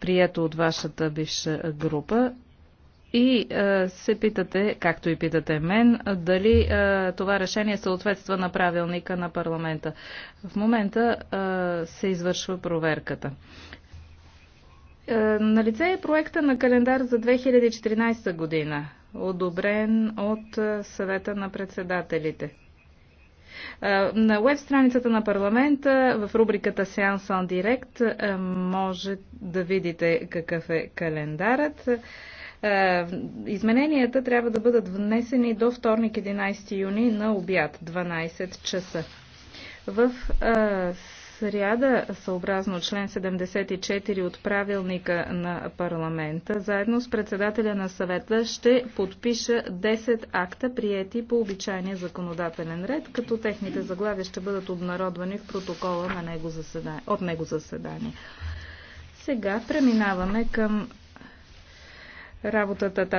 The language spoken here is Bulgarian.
прието от вашата бивша група и а, е, се питате, както и питате мен, дали а, е, това решение съответства на правилника на парламента. В момента а, е, се извършва проверката. А, на лице е проекта на календар за 2014 година, одобрен от съвета на председателите. Е, на веб страницата на парламента в рубриката Сеанс on Direct е, може да видите какъв е календарът. Е, измененията трябва да бъдат внесени до вторник 11 юни на обяд 12 часа. В сряда, съобразно член 74 от правилника на парламента, заедно с председателя на съвета ще подпиша 10 акта, приети по обичайния законодателен ред, като техните заглавия ще бъдат обнародвани в протокола на него заседание, от него заседание. Сега преминаваме към работата